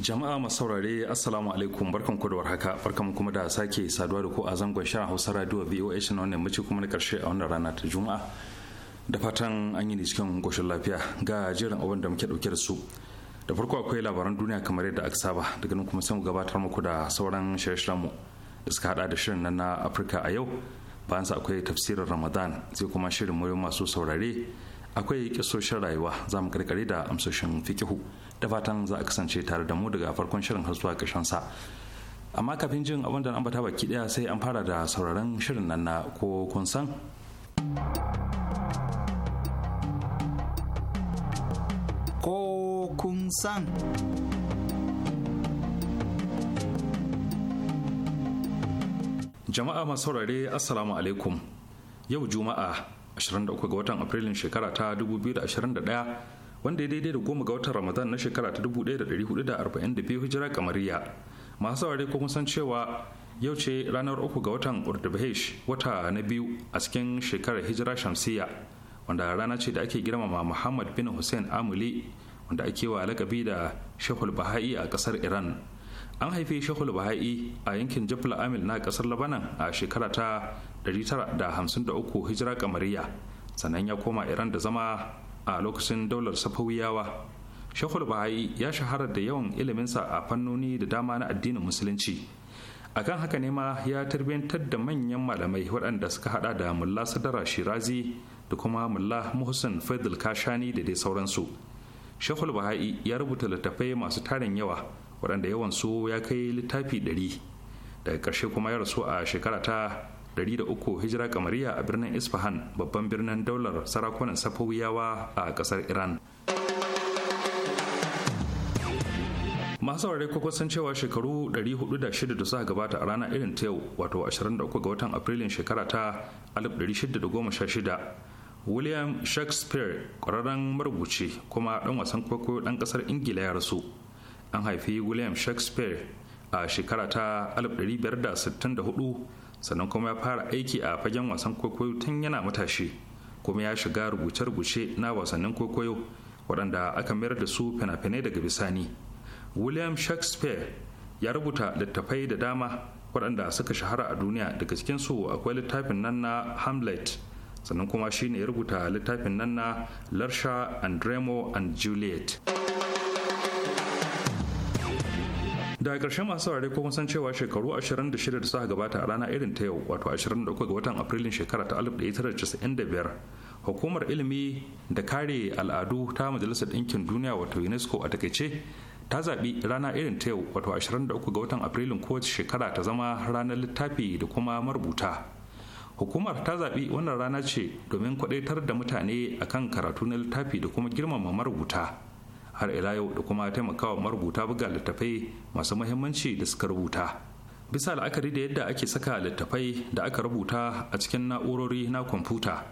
jama'a masu saurare assalamu alaikum barkan ku da warhaka barkan kuma da sake saduwa da ku a zangon shirin hausa radio voh na wannan mace kuma na karshe a wannan rana ta juma'a da fatan an yi cikin goshin lafiya ga jerin abin da muke dauke da su da farko akwai labaran duniya kamar yadda aka saba daga nan kuma sai mu gabatar muku da sauran shirye-shiryen mu da suka hada da shirin nan na afirka a yau bayan sa akwai tafsirin ramadan sai kuma shirin muryoyin masu saurare akwai kisoshin rayuwa za mu karkare da amsoshin fikihu da fatan za a kasance tare da mu daga farkon shirin har zuwa ƙarshen sa amma kafin jin abin da ambata baki daya sai an fara da sauraron shirin nan na ko kun san ko kun san jama'a masu saurare assalamu alaikum yau juma'a 23 ga watan afrilun shekara ta 2021 wanda ya daidai da goma ga watan ramadan na shekara ta 1442 hijira kamariya masu saurari ko san cewa yau ce ranar uku ga watan urdubhesh wata na biyu a cikin shekarar hijira shamsiya wanda rana ce da ake girmama muhammad bin hussein amuli wanda ake wa lakabi da shehul baha'i a kasar iran an haifi shehul baha'i a yankin jafla amil na kasar labanan a shekara ta uku hijira kamariya sannan ya koma iran da zama a lokacin daular safawiyawa shekul baha'i ya shahara da yawan iliminsa a fannoni da dama na addinin musulunci A kan haka ne ma ya tarbiyantar da manyan malamai waɗanda suka hada da mulla sadara shirazi da kuma mulla muhsin faidul kashani da dai sauransu shekul baha'i ya rubuta littattafai masu tarin yawa waɗanda yawansu ya kai littafi ɗari daga ƙarshe kuma ya rasu a shekara ta 300 hijira kamariya a birnin isfahan babban birnin daular sarakunan safawiyawa a kasar iran masu saurare ko san cewa shekaru 406 da suka gabata a ranar irin ta yau wato 23 ga watan afrilun shekara ta 1616 william shakespeare ƙwararren marubuci kuma ɗan wasan kwaikwayo ɗan ƙasar ingila ya rasu an haifi william shakespeare a shekara ta 1564 sannan kuma ya fara aiki a fagen wasan kwaikwayo tun yana matashi kuma ya shiga rubuce-rubuce na wasannin kwaikwayo waɗanda aka mayar da su fina-finai daga bisani william shakespeare ya rubuta littattafai da dama waɗanda suka shahara a duniya daga cikinsu akwai littafin nan na hamlet sannan kuma shine ya rubuta littafin nan na larsha and remo and juliet daga ƙarshe masu saurare ko san cewa shekaru 26 da suka gabata a rana irin ta yau wato 23 ga watan afrilun shekara ta 1995 hukumar ilimi da kare al'adu ta majalisar ɗinkin duniya wato unesco a takaice ta zaɓi rana irin ta yau wato 23 ga watan afrilun kowace shekara ta zama ranar littafi da kuma marubuta hukumar ta zaɓi wannan rana ce domin kwaɗaitar da mutane akan karatu na littafi da kuma girmama marubuta har ila yau da kuma taimakawa marubuta buga littattafai masu muhimmanci da suka rubuta bisa la'akari da yadda ake saka littattafai da aka rubuta a cikin na'urori na kwamfuta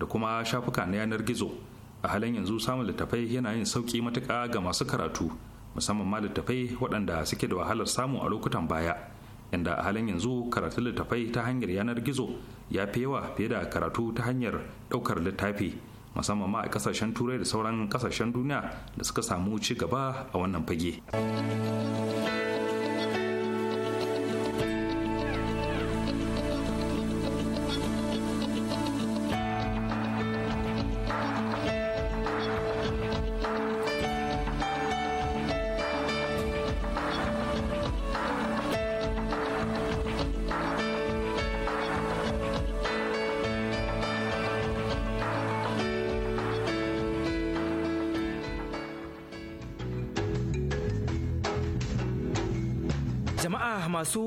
da kuma shafuka na yanar gizo a halin yanzu samun littattafai yana yin sauki matuƙa ga masu karatu musamman ma littattafai waɗanda suke da wahalar samu a lokutan baya inda a halin yanzu karatun littattafai ta hanyar yanar gizo ya fi yawa fiye da karatu ta hanyar ɗaukar littafi musamman ma a kasashen turai da sauran kasashen duniya da suka samu ci gaba a wannan fage.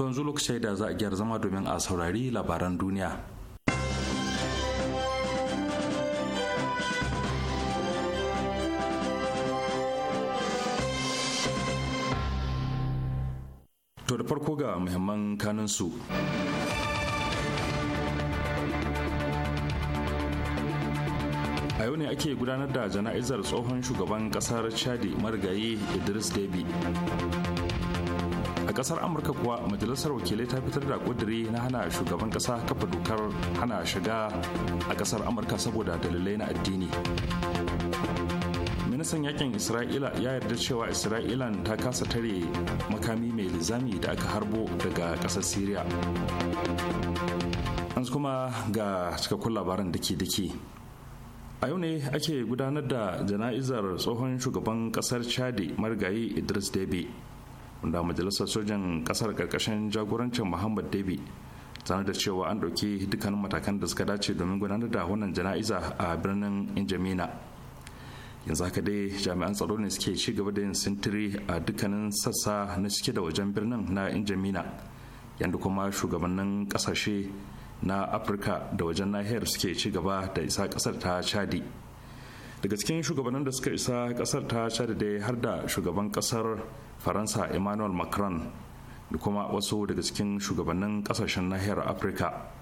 to yanzu lokacin da za a gyara zama domin a saurari labaran duniya to da farko ga muhimman kanunsu a yau ne ake gudanar da jana'izar tsohon shugaban kasar chadi marigayi idris debi kasar amurka kuwa majalisar wakilai ta fitar da kudiri na hana shugaban kasa kafa dokar hana shiga a kasar amurka saboda dalilai na addini ministan yakin isra'ila ya yarda cewa isra'ilan ta kasa tare makami mai lizami da aka harbo daga kasar syria an kuma ga cikakkun labaran dake-dake a yau ne ake gudanar da jana'izar tsohon shugaban kasar chadi marigayi idris debe wanda majalisar sojan kasar karkashin jagorancin muhammad dabi tana da cewa an ɗauki dukkanin matakan da suka dace domin gudanar da wannan jana'iza a birnin injamina yanzu haka dai jami'an tsaro ne suke ci gaba da yin sintiri a dukkanin sassa na cike da wajen birnin na injamina yadda kuma shugabannin kasashe na afirka da wajen nahiyar suke ci gaba da isa kasar ta chadi daga cikin shugabannin da suka isa kasar ta shaɗa dai har da shugaban kasar faransa emmanuel macron da kuma wasu daga cikin shugabannin kasashen nahiyar afirka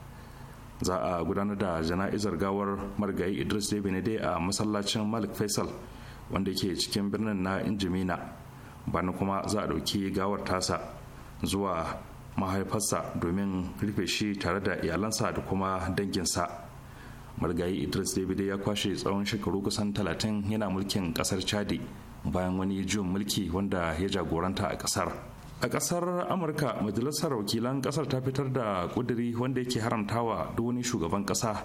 za a gudanar da jana'izar gawar margayi idris debene dai a masallacin malik faisal wanda ke cikin birnin na injimina bana kuma za a ɗauki gawar tasa zuwa mahaifarsa domin rufe shi tare da iyalansa da kuma danginsa. marigayi idris david ya kwashe tsawon shekaru kusan talatin yana mulkin kasar chadi bayan wani juyin mulki wanda ya jagoranta a kasar a kasar amurka majalisar wakilan kasar ta fitar da kuduri wanda yake haramtawa duk wani shugaban kasa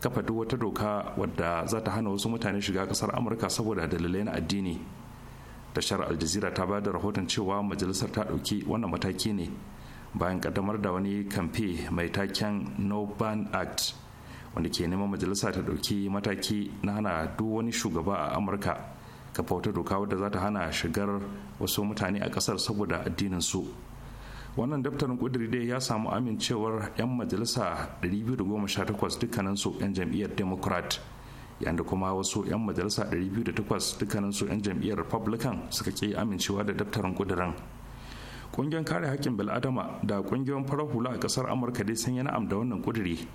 kafa duk wata doka wadda za ta hana wasu mutane shiga kasar amurka saboda dalilai na addini tashar aljazira ta ba da rahoton cewa majalisar ta dauki wannan mataki ne bayan kaddamar da wani kamfe mai taken no ban act wanda ke neman majalisa ta ɗauki mataki na hana duk wani shugaba a amurka kafa wata doka wadda za ta hana shigar wasu mutane a kasar saboda addinin su wannan daftarin kudiri dai ya samu amincewar 'yan majalisa 218 dukkaninsu 'yan jam'iyyar democrat yayin kuma wasu 'yan majalisa 208 dukkaninsu 'yan jam'iyyar republican suka ke amincewa da daftarin ƙudirin ƙungiyar kare hakkin bil'adama da ƙungiyar farar hula a ƙasar amurka dai sun yi na'am da wannan ƙudiri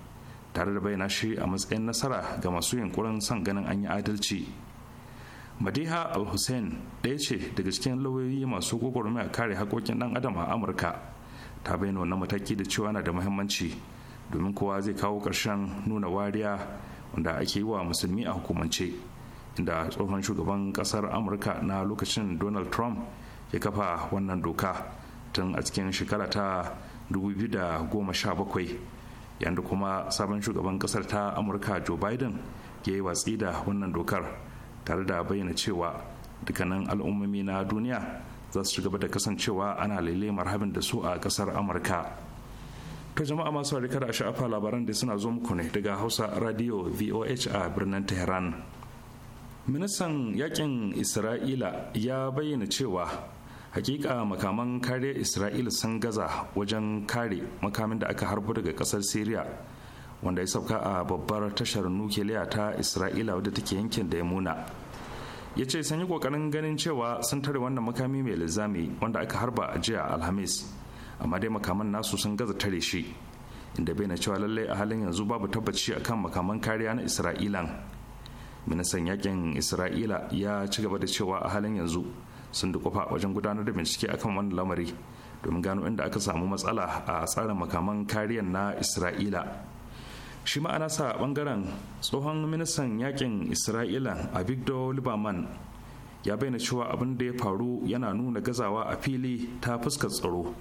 tare da bayyana shi a matsayin nasara ga masu yunkurin son ganin an yi adalci madiha al-hussein ɗaya ce daga cikin lauyoyi masu a kare haƙoƙin ɗan adam a amurka ta bayyana wannan mataki da cewa na da muhimmanci domin kowa zai kawo ƙarshen nuna wariya wanda ake yi wa musulmi a hukumance inda tsohon shugaban ƙasar amurka na lokacin donald trump ya kafa wannan doka tun a cikin shekara ta 2017 yanda kuma sabon shugaban kasar ta amurka joe biden ya yi watsi da wannan dokar tare da bayyana cewa dukkanin al'ummomi na duniya za su gaba da kasancewa ana lele marhabin da su a kasar amurka to jama'a masu harika da sha'afa labaran da suna zo muku ne daga hausa radio voh a birnin tehran ministan yakin isra'ila ya bayyana cewa hakika makaman kare isra'ila sun gaza wajen kare makamin da aka harbo daga kasar syria wanda ya sauka a babbar tashar nukiliya ta isra'ila wadda take yankin da ya muna ya ce sun yi kokarin ganin cewa sun tare wannan makami mai lizami wanda aka harba a jiya alhamis amma dai makaman nasu sun gaza tare shi inda bai na cewa lallai a halin yanzu babu tabbaci kan makaman kariya na isra'ilan ministan yakin isra'ila ya ci gaba da cewa a halin yanzu sun dukufa wajen gudanar da bincike akan wannan lamari domin gano inda aka samu matsala a tsarin makaman kariyar na isra'ila shi ma'ana sa bangaren tsohon ministan yakin isra'ila abigdo liberman ya bayyana cewa abin da ya faru yana nuna gazawa a fili ta fuskar tsaro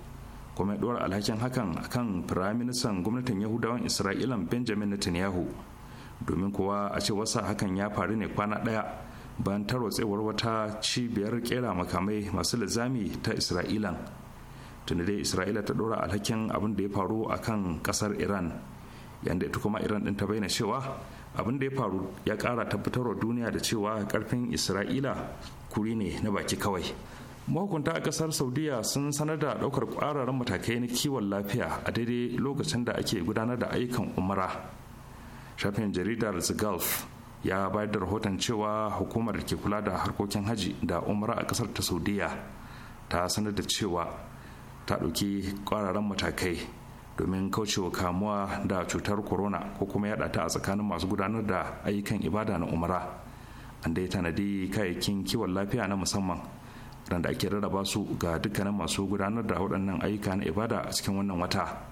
kuma ya alhakin hakan kan firaministan gwamnatin yahudawan Isra'ilan benjamin netanyahu domin kuwa a ce wasa hakan ya faru ne kwana ɗaya bayan tarwatsewar wata cibiyar kera makamai masu lizami ta isra'ilan tuni dai isra'ila ta dora alhakin abin da ya faru a kan kasar iran yadda ita kuma iran din ta bayyana cewa abin da ya faru ya kara tabbatarwa duniya da cewa karfin isra'ila kuri ne na baki kawai mahukunta a kasar saudiya sun sanar da daukar kwararan matakai na kiwon lafiya a daidai lokacin da ake gudanar da ayyukan umara shafin jaridar the gulf ya bayar da rahoton cewa hukumar da ke kula da harkokin haji da umara a kasar ta saudiya ta sanar da cewa ta ɗauki ƙwararren matakai domin kaucewa kamuwa da cutar corona ko kuma yaɗa ta a tsakanin masu gudanar da ayyukan ibada na umara an dai tanadi kayayyakin kiwon lafiya na musamman waɗanda ake rarraba su ga dukkanin masu gudanar da waɗannan ayyuka na ibada a cikin wannan wata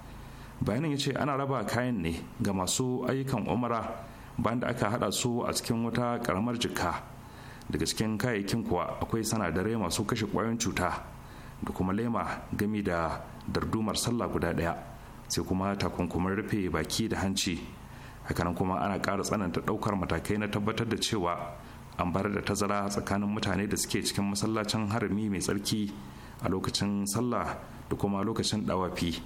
bayanin ya ce ana raba kayan ne ga masu ayyukan umara bayan da aka hada su a cikin wata karamar jikka daga cikin kayayyakin kuwa akwai sanadarai masu kashe kwayoyin cuta da kuma lema gami da dardumar sallah guda daya sai kuma takunkumin rufe baki da hanci hakanan kuma ana ƙara tsananta ɗaukar matakai na tabbatar da cewa an bar da tazara tsakanin mutane da suke cikin masallacin harami mai tsarki a lokacin sallah da kuma lokacin dawafi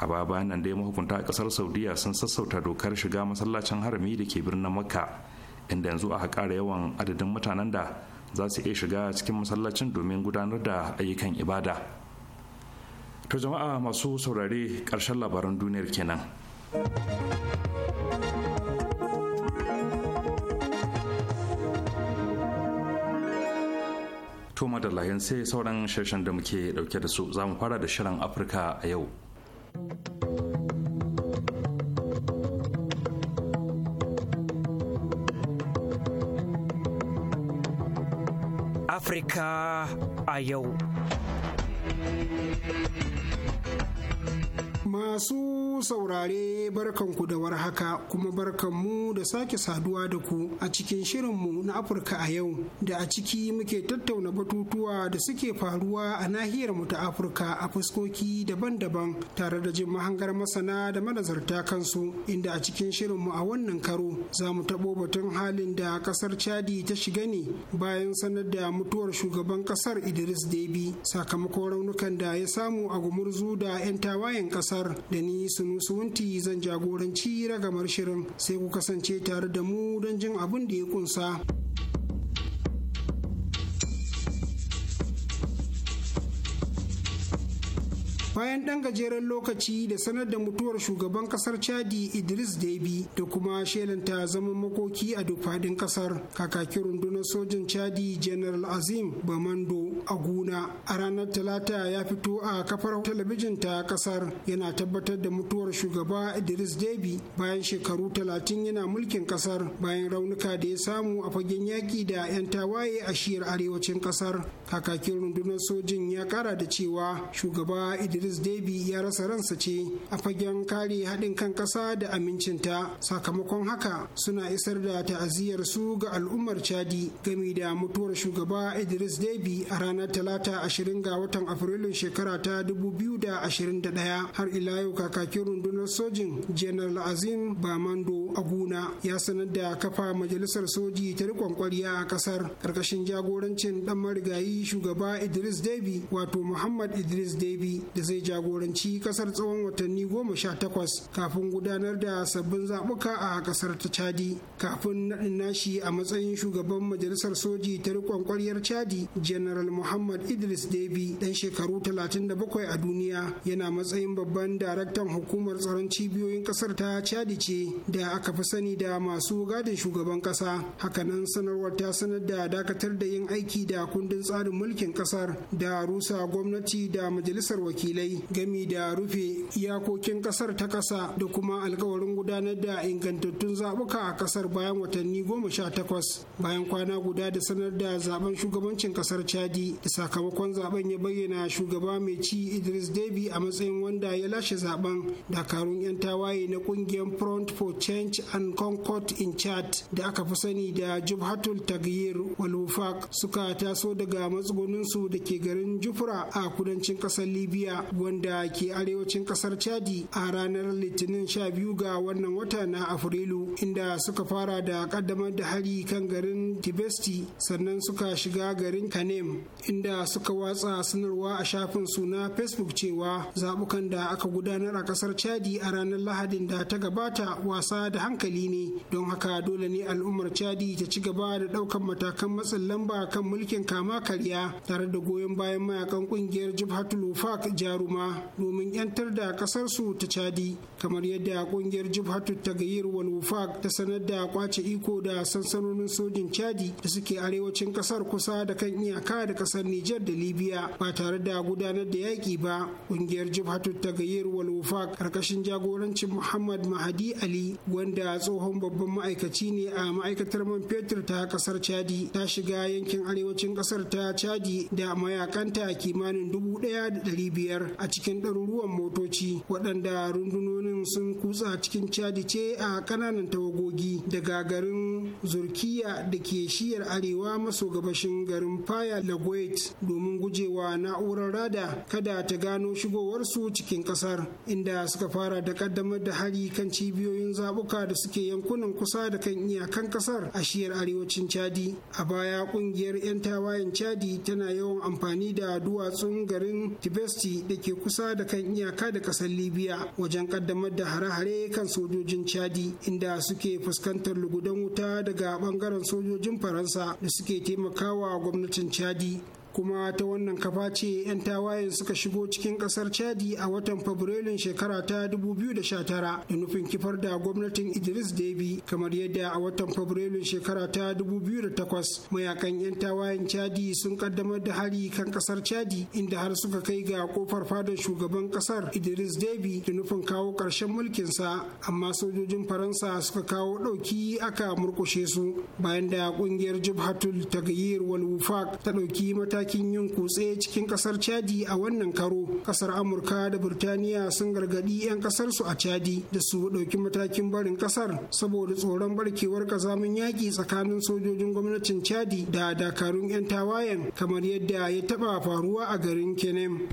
a baya bayan nan dai mahukunta a kasar saudiya sun sassauta dokar shiga masallacin harami da ke birnin makka inda yanzu a ƙara yawan adadin mutanen da za su iya shiga cikin masallacin domin gudanar da ayyukan ibada to jama'a masu saurare ƙarshen labaran duniyar kenan to madalla sai sauran shirshen da muke dauke da su za mu fara da shirin afirka a yau Afirka a yau. Masu saurare barkanku da warhaka kuma barkanmu da sake saduwa da ku a cikin shirinmu na Afirka a yau da a ciki muke tattauna batutuwa da suke faruwa a nahiyar mu ta Afirka a fuskoki daban-daban tare da jin mahangar masana da manazarta kansu inda a cikin shirinmu a wannan karo za mu taɓo batun halin da ƙasar Chadi ta shiga ne bayan sanar da mutuwar shugaban ƙasar Idris debi sakamakon raunukan da ya samu a gumurzu da 'yan tawayen ƙasar kamar da ni sunu wunti zan jagoranci ragamar shirin sai ku kasance tare da mu don jin abin da ya kunsa. bayan ɗan gajeren lokaci da sanar da mutuwar shugaban ƙasar chadi idris debi da kuma shelanta zaman makoki a duk faɗin ƙasar kakakin rundunar sojin chadi general azim bamando a guna a ranar talata ya fito a kafar talabijin ta ƙasar yana tabbatar da mutuwar shugaba idris debi bayan shekaru talatin yana mulkin ƙasar bayan raunuka da ya samu a fagen yaƙi da 'yan tawaye a shiyar arewacin ƙasar kakakin rundunar sojin ya ƙara da cewa shugaba idris davis debi ya rasa ransa ce a fagen kare haɗin kan ƙasa da amincinta sakamakon haka suna isar da ta'aziyar su ga al'ummar chadi gami da mutuwar shugaba idris debi a ranar talata ashirin ga watan afrilun shekara ta ɗaya har ila yau kakakin rundunar sojin general azim bamando aguna ya sanar da kafa majalisar soji ta rikon ƙwarya a ƙasar karkashin jagorancin ɗan marigayi shugaba idris debi wato muhammad idris debi da zai jagoranci kasar tsawon watanni goma sha takwas kafin gudanar da sabbin zaɓuka a kasar ta chadi kafin naɗin nashi a matsayin shugaban majalisar soji ta riƙon ƙwaryar chadi general muhammad idris debi dan shekaru talatin da bakwai a duniya yana matsayin babban daraktan hukumar tsaron cibiyoyin kasar ta chadi ce da aka fi sani da masu gadin shugaban ƙasa hakanan sanarwar ta sanar da dakatar da yin aiki da kundin tsarin mulkin ƙasar da rusa gwamnati da majalisar wakilai dalilai gami da rufe iyakokin kasar ta kasa da kuma alkawarin gudanar da ingantattun zaɓuka a kasar bayan watanni goma sha takwas bayan kwana guda da sanar da zaben shugabancin kasar chadi da sakamakon zaben ya bayyana shugaba mai ci idris debi a matsayin wanda ya lashe zaben dakarun 'yan tawaye na kungiyar front for change and concord in chad da aka fi sani da jubhatul tagyir walufak suka taso daga matsugunin su da ke garin jufra a kudancin kasar libya wanda ke arewacin kasar chadi a ranar litinin 12 ga wannan wata na afrilu inda suka fara da kaddamar da hari kan garin tibesti sannan suka shiga garin kanem inda suka watsa sanarwa a shafin suna na facebook cewa zabukan da aka gudanar a kasar chadi a ranar lahadin da ta gabata wasa da hankali ne don haka dole ne al'ummar chadi ta ci gaba da daukan matakan matsin lamba kan mulkin kama karya tare da goyon bayan mayakan kungiyar jihar jaru jaruma domin 'yantar da kasarsu ta chadi kamar yadda kungiyar jibhatu ta wal wufaq ta sanar da kwace iko da sansanonin sojin chadi da suke arewacin kasar kusa da kan iyaka da kasar nijar da libya ba tare da gudanar da yaƙi ba kungiyar jibhatu ta wal wufaq karkashin jagorancin muhammad mahadi ali wanda tsohon babban ma'aikaci ne a ma'aikatar man fetur ta kasar chadi ta shiga yankin arewacin kasar ta chadi da mayakanta kimanin dubu ɗaya da ɗari biyar a cikin ɗaruruwan motoci waɗanda rundunonin sun kutsa cikin chadi ce a ƙananan tawagogi daga garin zurkiya da ke shiyar arewa maso gabashin garin faya lagoit domin gujewa na'urar rada kada ta gano shigowarsu cikin ƙasar inda suka fara da ƙaddamar da hari kan cibiyoyin zaɓuka da suke yankunan kusa da kan iyakan ƙasar a shiyar arewacin cadi a baya ƙungiyar 'yan tawayen cadi tana yawan amfani da duwatsun garin tibesti da ke kusa da kan iyaka da ƙasar libya wajen kaddamar da hare-hare kan sojojin chadi inda suke fuskantar lugudan wuta daga bangaren sojojin faransa da suke taimakawa gwamnatin chadi kuma ta wannan kafa ce 'yan tawayen suka shigo cikin kasar chadi a watan fabrilun shekara ta 2019 da nufin kifar da gwamnatin idris debi kamar yadda a watan fabrilun shekara ta 2008 mayakan 'yan tawayen chadi sun kaddamar da hari kan kasar chadi inda har suka kai ga kofar fadar shugaban kasar idris debi da nufin kawo ƙarshen mulkinsa amma sojojin faransa suka kawo ɗauki aka murkushe su bayan da ƙungiyar jibhatul ta wal wufaq ta ɗauki mataki matakin yin kutse cikin kasar chadi a wannan karo kasar amurka da burtaniya sun gargadi 'yan kasar su a chadi da su ɗauki matakin barin kasar saboda tsoron barkewar kazamin yaƙi tsakanin sojojin gwamnatin chadi da dakarun 'yan tawayen kamar yadda ya taɓa faruwa a garin kenem.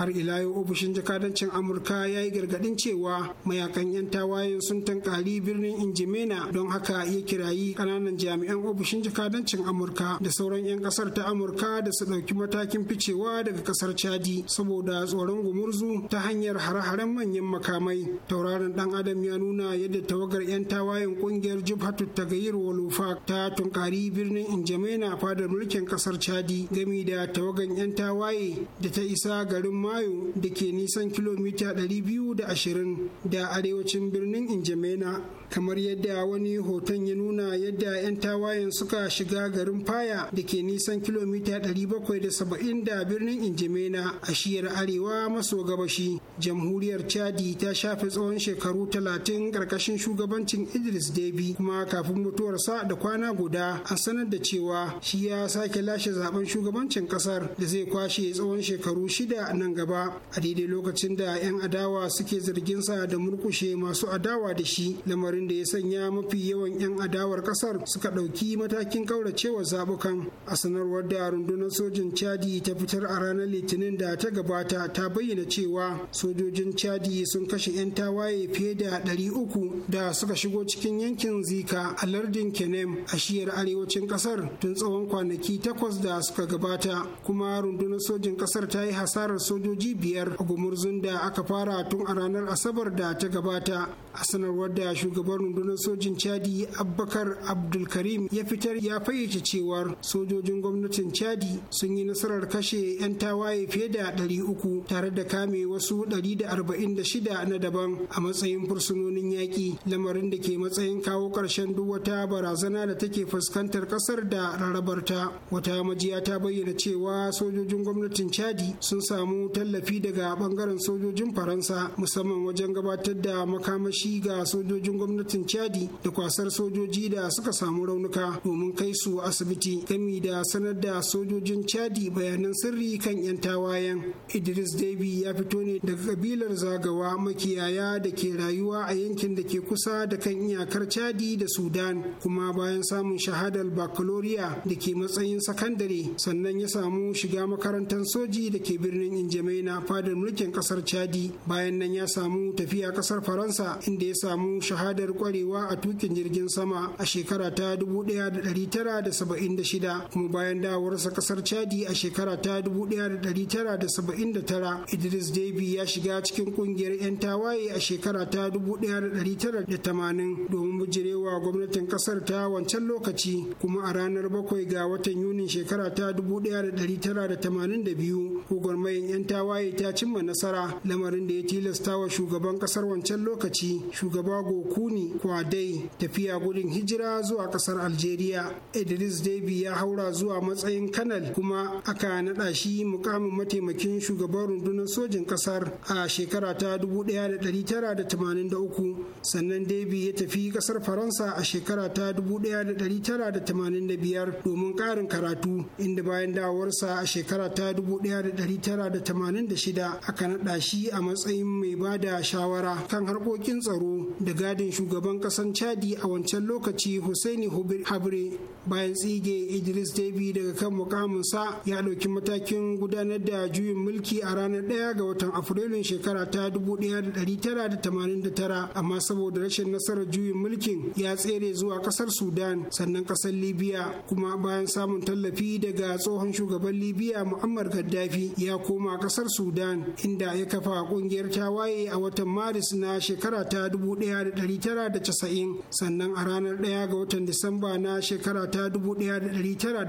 har ila yau ofishin jakadancin amurka ya yi gargadin cewa mayakan 'yan tawayen sun tankari birnin injimena don haka ya kirayi kananan jami'an ofishin jakadancin amurka da sauran 'yan kasar ta amurka da su ɗauki matakin ficewa daga kasar chadi saboda tsoron gumurzu ta hanyar hare-haren manyan makamai tauraron dan adam ya nuna yadda tawagar 'yan tawayen kungiyar jibhatu tagayyar walufak ta tunkari birnin injimena fadar mulkin kasar chadi gami da tawagan 'yan tawaye da ta isa garin mayu da ke nisan kilomita 220 da arewacin birnin injamena kamar yadda wani hoton ya nuna yadda 'yan tawayen suka shiga garin faya da ke nisan kilomita 770 da birnin injimena a shiyar arewa maso gabashi jamhuriyar chadi ta shafe tsawon shekaru 30 karkashin shugabancin idris debi kuma kafin mutuwarsa da kwana guda a sanar da cewa shi ya sake lashe zaben shugabancin kasar da zai kwashe tsawon shekaru shida nan gaba a daidai lokacin da 'yan adawa suke zargin sa da murkushe masu adawa da shi lamarin da ya sanya mafi yawan 'yan adawar kasar suka ɗauki matakin kauracewa zabukan a sanarwar da rundunar sojin chadi ta fitar a ranar litinin da ta gabata ta bayyana cewa sojojin chadi sun kashe 'yan tawaye fiye da ɗari uku da suka shigo cikin yankin zika a lardin kenem a shiyar arewacin kasar tun tsawon kwanaki takwas da suka gabata kuma rundunar sojin kasar ta yi hasarar sojojin sojoji biyar a gumurzun da aka fara tun a ranar asabar da ta gabata a sanarwar da shugaban rundunar sojin chadi abbakar abdulkarim ya fitar ya fayyace cewar sojojin gwamnatin chadi sun yi nasarar kashe 'yan tawaye fiye da 300 tare da kame wasu 146 na daban a matsayin fursunonin yaƙi lamarin da ke matsayin kawo ƙarshen duk wata barazana da take fuskantar ƙasar da rarrabarta wata majiya ta bayyana cewa sojojin gwamnatin chadi sun samu tallafi daga bangaren sojojin faransa musamman wajen gabatar da makamashi ga sojojin gwamnatin chadi da kwasar sojoji da suka samu raunuka domin kai su asibiti gami da sanar da sojojin chadi bayanan sirri kan 'yan tawayen idris davy ya fito ne daga kabilar zagawa makiyaya da ke rayuwa a yankin da ke kusa da kan iyakar chadi da sudan kuma bayan samun shahadar baccalaureate da ke matsayin sakandare sannan ya samu shiga makarantar soji da ke birnin injami makamai na fadar mulkin kasar chadi bayan nan ya samu tafiya kasar faransa inda ya samu shahadar kwarewa a tukin jirgin sama a shekara ta 1976 kuma bayan dawarsa kasar chadi a shekara ta 1979 idris deby ya shiga cikin kungiyar 'yan tawaye a shekara ta 1980 domin bujirewa gwamnatin kasar ta wancan lokaci kuma a ranar bakwai ga watan yunin shekara ta 1982 gwagwarmayin 'yan ta waye ta cimma nasara lamarin da ya tilasta wa shugaban kasar wancan lokaci shugaba gokuni kwadai tafiya gudun hijira zuwa kasar algeria idris debi ya haura zuwa matsayin kanal kuma aka naɗa shi mukamin mataimakin shugaban rundunar sojin kasar a shekara ta 1983 sannan debi ya tafi kasar faransa a shekara ta 1985 domin ƙarin karatu inda bayan dawarsa a shekara ta 1985 1986 aka naɗa shi a matsayin mai ba da shawara kan harkokin tsaro da gadin shugaban ƙasan chadi a wancan lokaci Hussaini Habre bayan tsige Idris Deby daga kan mukaminsa ya ɗauki matakin gudanar da juyin mulki a ranar ɗaya ga watan Afrilun shekara ta 1989 amma saboda rashin nasarar juyin mulkin ya tsere zuwa ƙasar Sudan sannan ƙasar Libya kuma bayan samun tallafi daga tsohon shugaban Libya Muammar Gaddafi ya koma kasar sudan inda ya kafa kungiyar tawaye a watan maris na shekara ta 1990 sannan a ranar 1 ga watan disamba na shekara ta 1990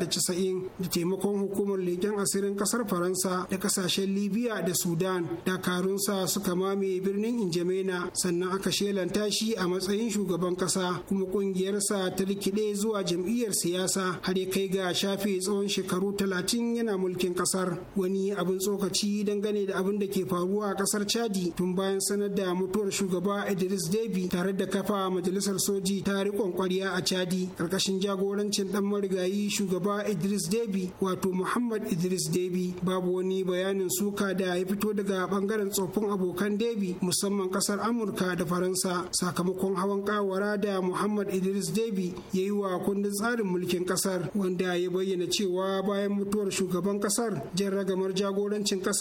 da taimakon hukumar leƙen asirin kasar faransa da kasashen libya da sudan dakarunsa suka mame birnin injamena sannan aka shelanta shi a matsayin shugaban kasa kuma kungiyarsa ta rikide zuwa jam'iyyar siyasa har ya kai ga shafe tsawon shekaru 30 yana mulkin kasar wani abin tsokaci tsokaci dangane da abin da ke faruwa a kasar chadi tun bayan sanar da mutuwar shugaba idris debi tare da kafa majalisar soji ta rikon kwariya a chadi karkashin jagorancin dan marigayi shugaba idris debi wato muhammad idris debi babu wani bayanin suka da ya fito daga bangaren tsoffin abokan debi musamman kasar amurka da faransa sakamakon hawan kawara da muhammad idris debi ya yi wa kundin tsarin mulkin kasar wanda ya bayyana cewa bayan mutuwar shugaban kasar jan ragamar jagorancin kasar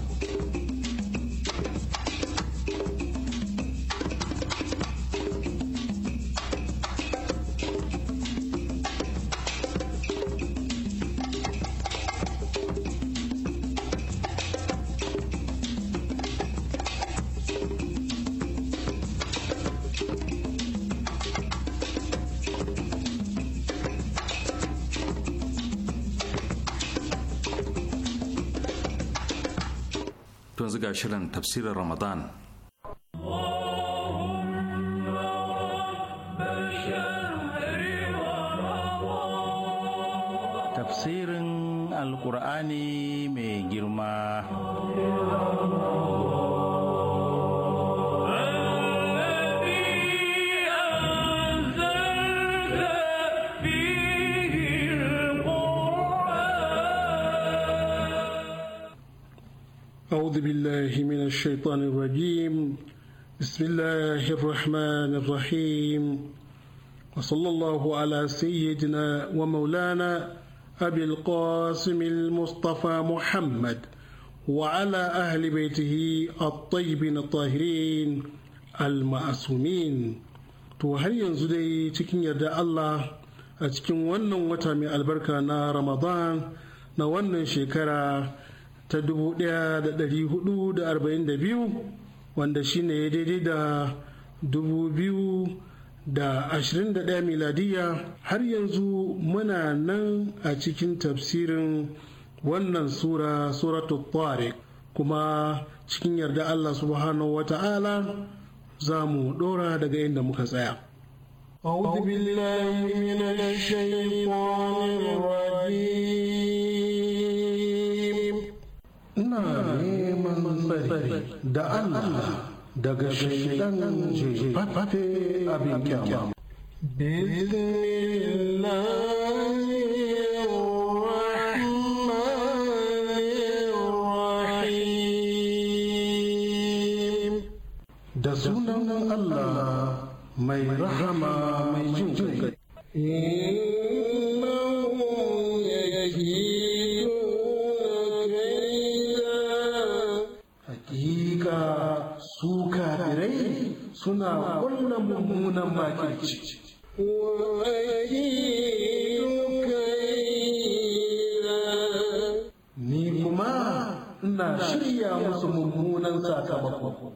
مباشرا تفسير رمضان الشيطان الرجيم بسم الله الرحمن الرحيم وصلى الله على سيدنا ومولانا أبي القاسم المصطفى محمد وعلى أهل بيته الطيبين الطاهرين المعصومين to har yanzu dai cikin yarda Allah a cikin wannan wata mai albarka na Ramadan na wannan shekara ta 1442 wanda shine ya daidai da 2021 miladiya har yanzu muna nan a cikin tafsirin wannan sura suratu tariq kuma cikin yarda Allah subhanahu wa ta'ala za mu ɗora daga inda muka tsaya. أعوذ بالله من الشيطان الرجيم ina neman bari da Allah daga shaidan jefafe abin kyama. Da sunan Allah mai rahama mai jin mummunan makirci ni kuma ina shirya musu mummunan sakamako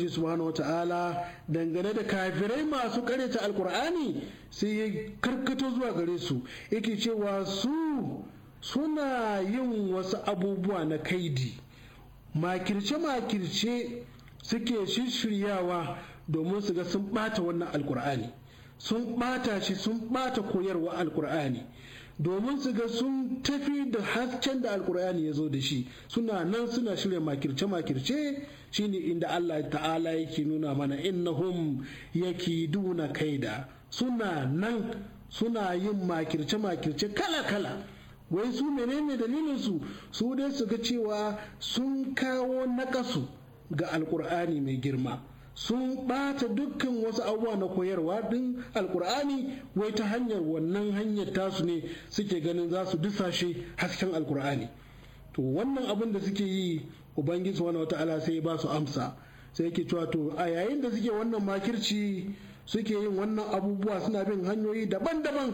ubangiji subhanahu ta'ala dangane da kafirai masu karyata alkur'ani sai ya karkato zuwa gare su yake cewa su suna yin wasu abubuwa na kaidi makirce-makirce suke shishiryawa domin su ga sun bata wannan alkur'ani sun bata shi sun bata koyarwa alkur'ani domin su ga sun tafi da hasken da alkur'ani ya zo da shi suna nan suna shirya makirce-makirce shine inda Allah ta'ala yake nuna mana innahum kai kaida suna nan suna yin makirce-makirce kala-kala wai su menene dalilin su su dai su ga cewa sun kawo nakasu ga alkur'ani mai girma sun ɓata dukkan wasu abubuwa na koyarwa ɗin alkur'ani wai ta hanyar wannan hanyar tasu ne suke ganin za su dusashe hasken alkur'ani to wannan abin da suke yi ubangiji wani ala sai ba su amsa sai yake cewa to a yayin da suke wannan makirci suke yin wannan abubuwa suna bin hanyoyi daban-daban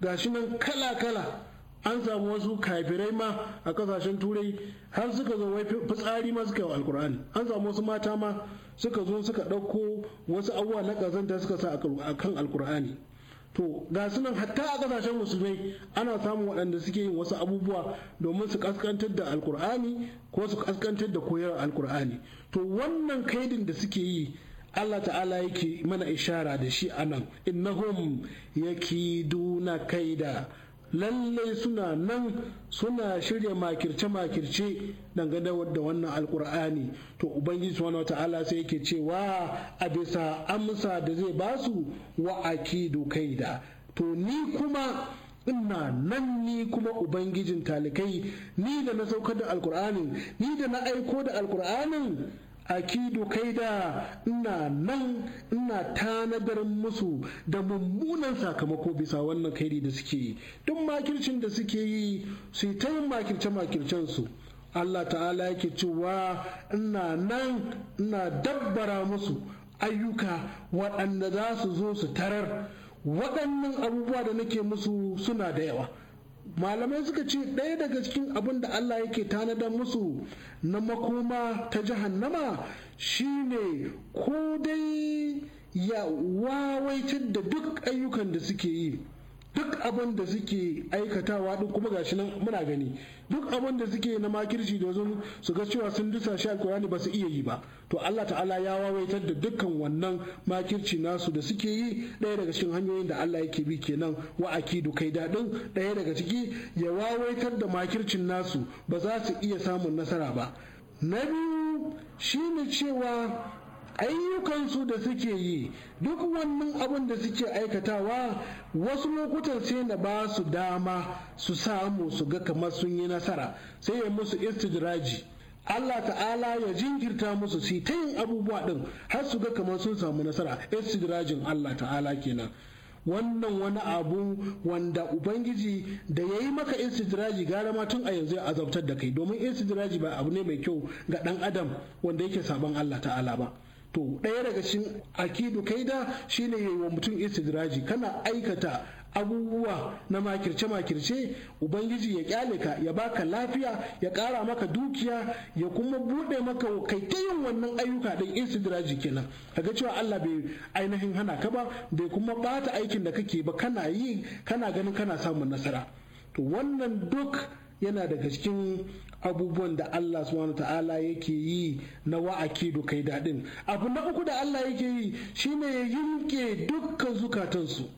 gashi nan kala-kala an samu wasu kafirai ma a kasashen turai har suka zo wai fitsari ma suka yi alkur'ani an samu wasu mata ma suka zo suka ɗauko wasu abubuwa na ƙazanta suka sa a kan alkur'ani to ga sunan hatta a kasashen musulmai ana samun waɗanda suke yin wasu abubuwa domin su kaskantar da alkur'ani ko su kaskantar da koyar alkur'ani to wannan kaidin da suke yi Allah ta'ala yake mana ishara da shi anan innahum yakiduna kaida lallai suna nan suna shirya makirce-makirce dangane da wannan alkur'ani to ubangiji subhanahu wata'ala sai yake cewa a bisa amsa da zai basu wa akidu da. to ni kuma ina nan ni kuma ubangijin talikai ni da na saukar da alkur'anin ni da na aiko da alkur'anin akido kaida ina nan ina tanadar musu da mummunan sakamako bisa wannan kairi da suke yi duk makircin da suke yi su yi ta yin makirce makircen su Allah ta'ala yake cewa ina nan ina dabbara musu ayyuka waɗanda za su zo su tarar waɗannan abubuwa da nake musu suna da yawa malamai suka ce ɗaya daga cikin abin da Allah yake tanadar musu na makoma ta jahannama shine ko dai ya wawaitar da duk ayyukan da suke yi duk abin da suke aikatawa din kuma gashi nan muna gani duk abin da suke na makirci domin su ga cewa sun dusa shi alkurani ba su iya yi ba to Allah ta'ala ya wawaitar da dukkan wannan makirci nasu da suke yi ɗaya daga cikin hanyoyin da Allah yake bi kenan wa akidu kai daɗin ɗaya daga ciki ya wawaitar da makircin nasu ba za su iya samun nasara ba na biyu shine cewa ayyukansu da suke yi duk wannan abin da suke aikatawa wasu lokutan sai na ba su dama su samu su ga kamar sun yi nasara sai ya musu istidraji Allah ta'ala ya jinkirta musu su ta yin abubuwa ɗin, har su ga kamar sun samu nasara istidrajin Allah ta'ala kenan wannan wani abu wanda ubangiji da ya yi maka istidiraji gara ma tun a yanzu ya azabtar da kai domin istidiraji ba abu ne mai kyau ga ɗan adam wanda yake sabon Allah ta'ala ba to ɗaya daga cikin akidu kaida shine yi wa mutum istidraji kana aikata abubuwa na makirce-makirce ubangiji ya kyale ka ya baka lafiya ya kara maka dukiya ya kuma buɗe maka kai ta yin wannan ayyuka ɗin istidraji kenan kaga cewa Allah bai ainihin hana ka ba bai kuma bata aikin da kake ba kana yi kana ganin kana samun nasara to wannan duk yana daga cikin abubuwan da Allah subhanahu ta'ala yake yi na wa'akidu kai daɗin abu na uku da Allah yake yi shine ya yinke dukkan zukatansu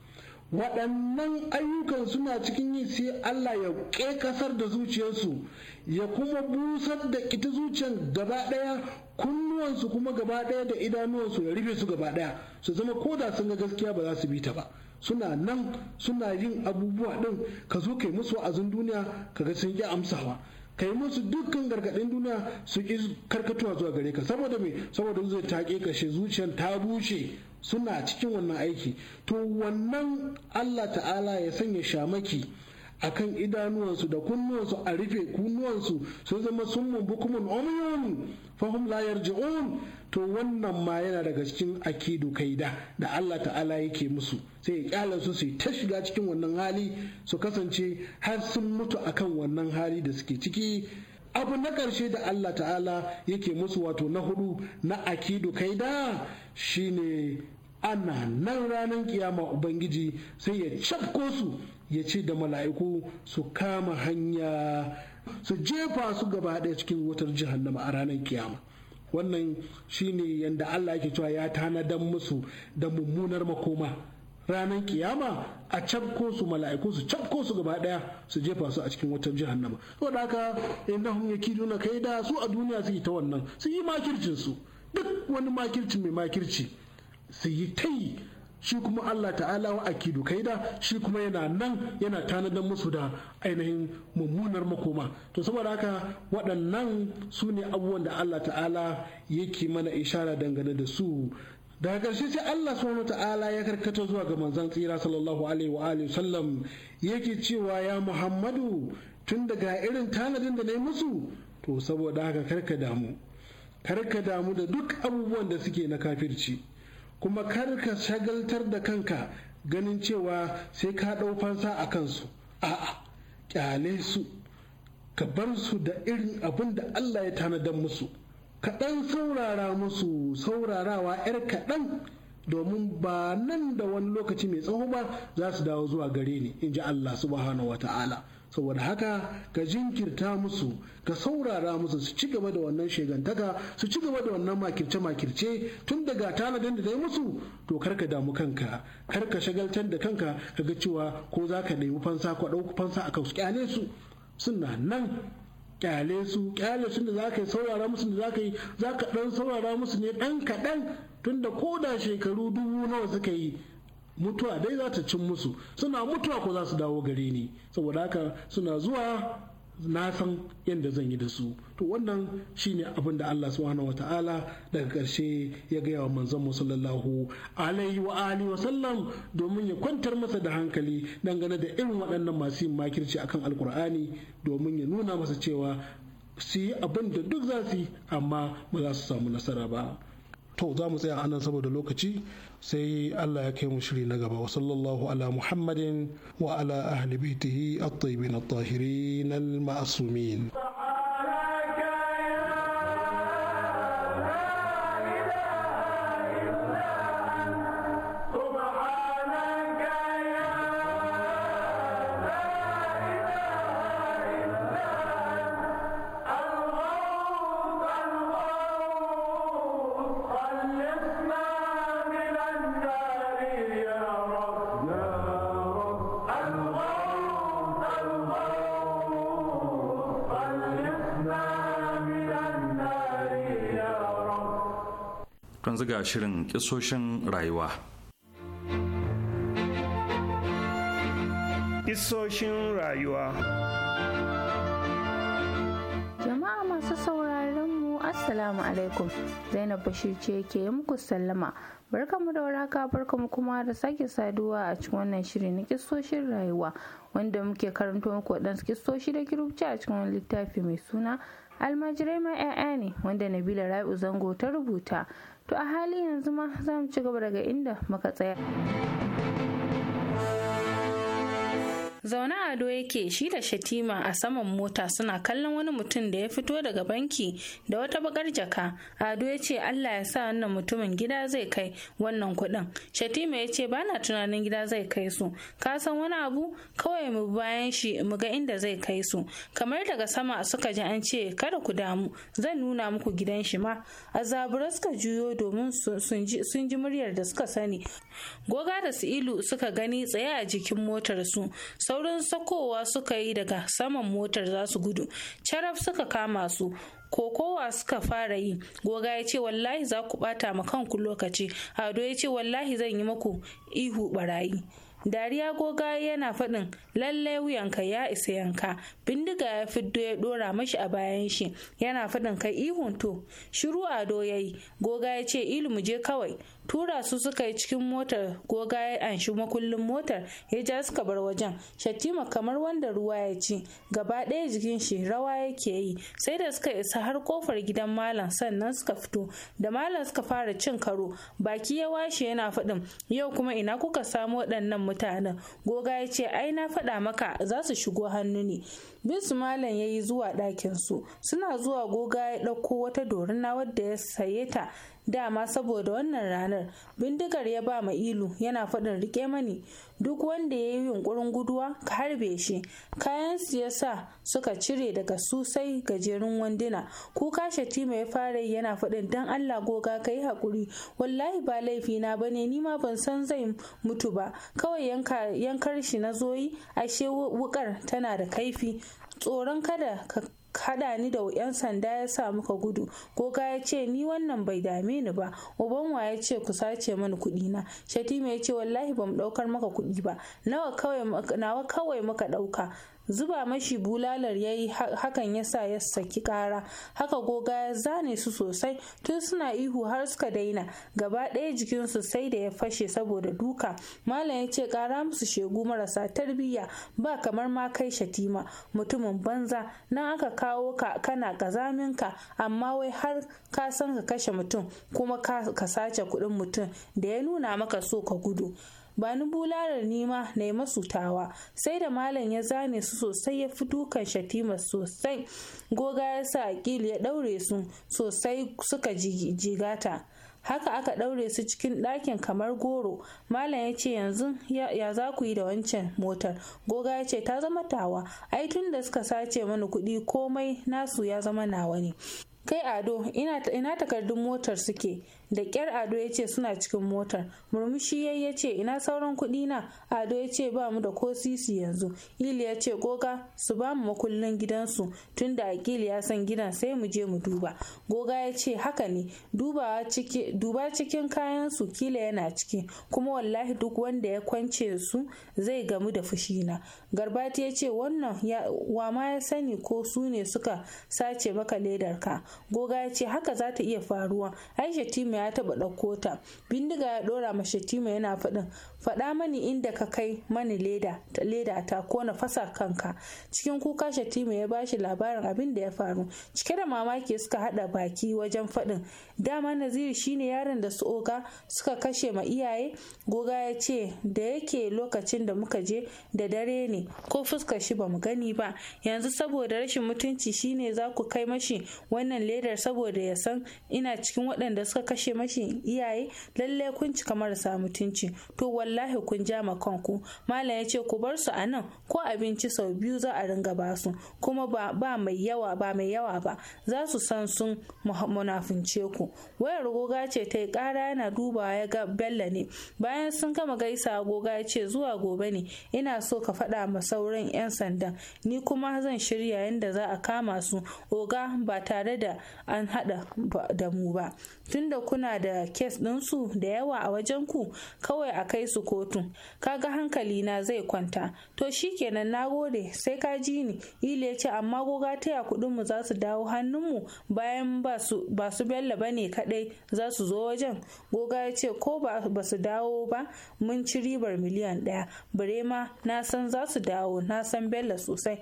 waɗannan ayyukan suna cikin yi sai Allah ya ƙe kasar da zuciyarsu ya kuma busar da ita zuciyar gaba ɗaya kunnuwansu kuma gaba ɗaya da idanuwansu ya rufe su gaba ɗaya su zama ko da sun ga gaskiya ba za su bi ta ba suna nan suna yin abubuwa ɗin ka zo kai musu wa'azin duniya kaga sun ƙi amsawa ka yi musu dukkan gargaɗin duniya su ƙi karkatuwa zuwa gare ka saboda me saboda zai take kashe zuciyar ta bushe suna cikin wannan aiki to wannan Allah ta'ala ya sanya shamaki akan idanuwansu da kunnuwansu a rufe kunnuwansu su zama sun mumbu kuma omiyon fahim layar yarji'un to wannan ma yana daga cikin akidu kaida da Allah ta'ala yake musu sai ya kyala su su ta shiga cikin wannan hali su kasance har sun mutu akan wannan hali da suke ciki abu na ƙarshe da Allah ta'ala yake musu wato na hudu na akidu kaida shine ana nan ranar kiyama ubangiji sai ya cafko su ya ce da mala'iku su kama hanya su jefa su gaba ɗaya cikin wutar jihannama a ranar kiyama wannan shine yadda Allah yake cewa ya tanadan musu da mummunar makoma ranar kiyama a cafko su mala'iku su cafko su gaba daya su jefa su a cikin wutar inda hun haka innahum kai da su a duniya su yi ta wannan su yi makircin su duk wani makirci mai makirci su yi ta yi shi kuma Allah ta'ala wa akidu kaida shi kuma yana nan yana tanadan musu da ainihin mummunar makoma to saboda haka waɗannan su ne abubuwan da Allah ta'ala yake mana ishara dangane da su daga ƙarshe sai Allah subhanahu ta'ala ya karkata zuwa ga manzon tsira sallallahu alaihi wa alihi wasallam yake cewa ya Muhammadu tun daga irin tanadin da na yi musu to saboda haka karka damu karka damu da duk abubuwan da suke na kafirci kuma kar ka shagaltar da kanka ganin cewa sai ka ɗau fansa a kansu a'a ƙyale su ka bar su da irin abin da Allah ya tanadar musu kaɗan saurara musu saurarawa 'yar kaɗan domin ba nan da wani lokaci mai tsawo ba za su dawo zuwa gare ni in ji Allah subhanahu wa ta'ala saboda haka ka jinkirta musu ka saurara musu su ci gaba da wannan shegantaka su ci gaba da wannan makirce-makirce tun daga tanadin da ta yi musu to karka damu kanka karka shagaltar da kanka ka ga cewa ko za ka nemi fansa ko ɗauki fansa a kansu kyale su suna nan kyale su kyale su da za ka yi saurara musu da za ka yi za ka ɗan saurara musu ne ɗan kaɗan tunda ko da shekaru dubu nawa suka yi mutuwa dai za ta cin musu suna mutuwa ko za su dawo gare ni saboda haka suna zuwa na san yadda zan yi da su to wannan shine abin da Allah subhanahu wata'ala daga karshe ya gaya wa manzon mu sallallahu alaihi wa alihi wa sallam domin ya kwantar masa da hankali dangane da irin waɗannan masu yin makirci akan alkur'ani domin ya nuna masa cewa su yi abin da duk za su yi amma ba za su samu nasara ba to za mu tsaya anan saboda lokaci sai Allah ya kai mu shiri na gaba wa sallallahu ala muhammadin wa ala ahli baitihi at-tayyibin at-tahirin al-ma'sumin kafin ziga shirin kisoshin rayuwa. Kisoshin rayuwa Jama'a masu sauraron mu Assalamu alaikum Zainab Bashir ce ke muku sallama. barka Barkamu da waraka barkamu kuma da sake saduwa a cikin wannan shiri na kisoshin rayuwa wanda muke karanto muku waɗansu kisoshi da kirubci a cikin wani littafi mai suna almajirai ma 'ya'ya ne wanda nabila rabi'u zango ta rubuta to a halin yanzu ma za mu ci gaba daga inda muka tsaya zaune ado yake shi da shatima a saman mota suna kallon wani mutum da ya fito daga banki da wata bakar jaka ado ya ce allah ya sa wannan mutumin gida zai kai wannan kuɗin shatima ya ce bana tunanin gida zai kai su ka san wani abu kawai mu bayan shi mu ga inda zai kai su kamar daga sama suka ji an ce kada ku damu zan nuna muku gidan shi ma azabura suka juyo domin sun ji muryar da suka sani goga da su ilu suka gani tsaye a jikin motar su saurin sakowa suka yi daga saman motar za su gudu caraf suka kama su kokowa suka fara yi goga ya ce wallahi za ku bata ma kanku lokaci ado ya ce wallahi zan yi maku ihu barayi dariya goga yana faɗin lallai wuyanka ya isa yanka bindiga ya fiddo ya ɗora mashi a bayan shi yana faɗin kai ihun to shiru ado ya yi goga ya ce ilu muje je kawai tura su suka yi cikin motar goga ya anshi makullin motar ya ja suka bar wajen shatima kamar wanda ruwa ya ci gaba ɗaya jikin shi rawa yake yi sai da suka isa har kofar gidan malam sannan suka fito da malam suka fara cin karo baki ya washe yana faɗin yau kuma ina kuka samu waɗannan mutanen goga ya ce ai na faɗa maka za su shigo hannu ne bisu malam ya yi zuwa ɗakin su suna zuwa goga ya ɗauko wata dorina wadda ya saye ta dama saboda wannan ranar bindigar ya ba ma ilu yana faɗin rike mani duk wanda ya yi yunkurin guduwa ka harbe shi kayan siyasa suka cire daga susai gajerun wanduna kuka tima ya fara yana faɗin dan allah goga ka yi haƙuri wallahi ba laifi na ba ne nima ban san zai mutu ba kawai yankar shi na zoyi ashe wukar tana da kaifi tsoron kada ka kada ni da yan sanda ya sa muka gudu goga ya ce ni wannan bai dame ni ba uban wa ya ce ku sace mani kuɗi na shatima ya ce wallahi bamu ɗaukar maka kuɗi ba nawa kawai muka ɗauka zuba mashi bulalar ya yi hakan ya sa ya saki kara haka goga ya zane su sosai tun suna ihu har suka daina gaba ɗaya jikinsu sai da ya fashe saboda duka malam ya ce kara musu shegu marasa tarbiyya ba kamar ma kai shatima mutumin banza nan aka kawo ka kana kazamin ka amma wai har ka san ka kashe mutum kuma ka sace kuɗin mutum da ya nuna maka so ka gudu ba ni bulalar nima na yi masu tawa sai da malam ya zane su sosai ya fi dukan shatima sosai goga ya sa akili ya daure su sosai suka jigata haka aka daure su cikin ɗakin kamar goro malam ya ce yanzu ya za ku yi da wancan motar goga ya ce ta zama tawa ai tun da suka sace mana kuɗi komai nasu ya zama nawa ne kai ado ina takardun motar suke da ƙyar ado ya ce suna cikin motar murmushi ya ya ce ina sauran kuɗi na ado ya ce ba mu da ko sisi yanzu ili ya ce goga su ba mu makullin gidansu tunda akili ya san gidan sai mu je mu duba goga ya ce haka ne duba cikin kayansu su kila yana ciki kuma wallahi duk wanda ya kwance su zai gamu da fushi na garbati ya ce wannan wa ma ya sani ko su ne suka sace maka ledar ka goga ya ce haka za ta iya faruwa aisha timi ya taɓa ɗauko ta bindiga ya ɗora ma tima yana faɗin faɗa mani inda ka kai mani leda ta leda ta ko na fasa kanka cikin kuka shatima ya bashi labarin abin da ya faru cike da mamaki suka hada baki wajen faɗin dama naziru shine yaron da su oga suka kashe ma iyaye goga ya ce da yake lokacin da muka je da dare ne ko fuskar shi ba mu gani ba yanzu saboda rashin mutunci shine za ku kai mashi wannan ledar saboda ya san ina cikin waɗanda suka kashe mashi iyaye lallai kun cika marasa mutunci to wallahi kun ja ma kanku malam ya ce ku bar su a nan ko abinci sau biyu za a ringa ba su kuma ba mai yawa ba mai yawa ba za su san sun munafunce ku wayar goga ce ta yi kara yana dubawa ya ga bello ne bayan sun gama gaisa goga ya ce zuwa gobe ne ina so ka faɗa ma sauran 'yan sandan ni kuma zan shirya yadda za a kama su oga ba tare da an haɗa da mu ba tunda kuna da kes ɗinsu da yawa a wajen ku kawai a kai su su kotun kaga hankali na zai kwanta to shi shikenan na gode sai ka ji ni ili ya ce amma goga taya kuɗin mu za su dawo hannunmu bayan ba su bello ba ne kadai za su zo wajen goga ya ce ko ba su dawo ba mun ci ribar miliyan ɗaya bare ma na san za su dawo na san bello sosai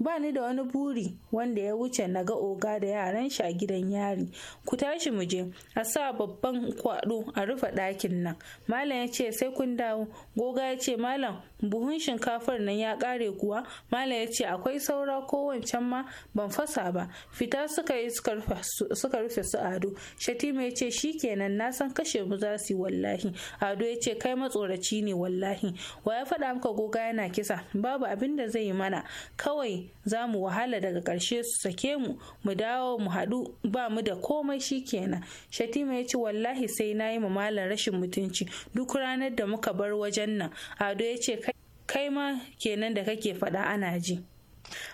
ba ni da wani buri wanda ya wuce na ga oga da yaran shi a gidan yari ku tashi mu je a sa babban kwado a rufe ɗakin nan malam ya ce sai kun dawo goga ya ce malam buhun shinkafar nan ya ƙare kuwa malam ya ce akwai saura ko wancan ma ban fasa ba fita suka yi suka rufe su ado shatima ya ce kenan na san kashe mu za su yi wallahi ado ya ce kai matsoraci ne wallahi wa ya faɗa maka goga yana kisa babu abin da zai yi mana kawai Zamu za mu wahala daga ƙarshe su sake mu mu dawo mu haɗu ba mu da komai shi kenan. shatima ya ce wallahi sai na yi malam rashin mutunci duk ranar da muka bar wajen nan ado ya ce kai ma kenan da kake faɗa ana ji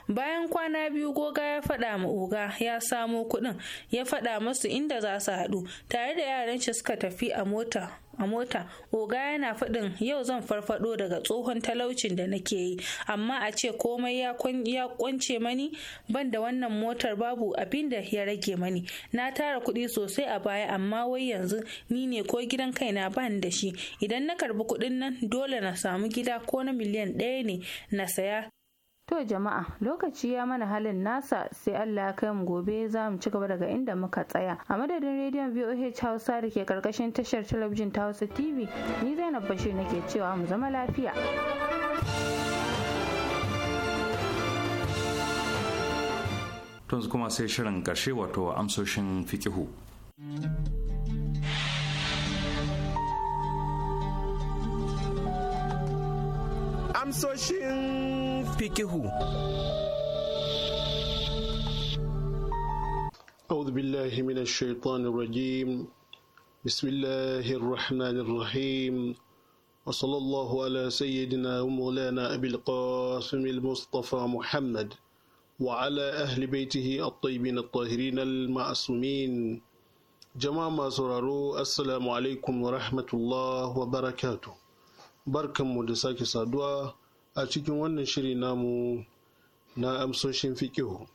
bayan kwana biyu goga ya faɗa ma oga ya samo kuɗin ya faɗa masu inda za su haɗu tare da yaran shi suka tafi a mota a mota oga yana faɗin yau zan farfado daga tsohon talaucin da nake yi amma a ce komai ya kwance mani ban da wannan motar babu abin da ya rage mani na tara kuɗi sosai a baya amma wai yanzu ni ne ko gidan kaina ban da shi idan na karbi kuɗin nan dole na samu gida ko na miliyan ɗaya ne na saya To jama'a lokaci ya mana halin nasa sai Allah ya kai mu gobe za mu ci gaba daga inda muka tsaya. A madadin rediyon VOH Hausa da ke karkashin tashar talabijin ta Hausa TV ni Zainab Bashir nake cewa mu zama lafiya. Tunzu kuma sai shirin karshe wato amsoshin fikihu. Amsoshin هو أعوذ بالله من الشيطان الرجيم بسم الله الرحمن الرحيم وصلى الله على سيدنا ومولانا أبي القاسم المصطفى محمد وعلى أهل بيته الطيبين الطاهرين المعصومين جماعة ما سرارو السلام عليكم ورحمة الله وبركاته بركة مدساك سادوا a cikin wannan shiri namu na amsoshin fikihu.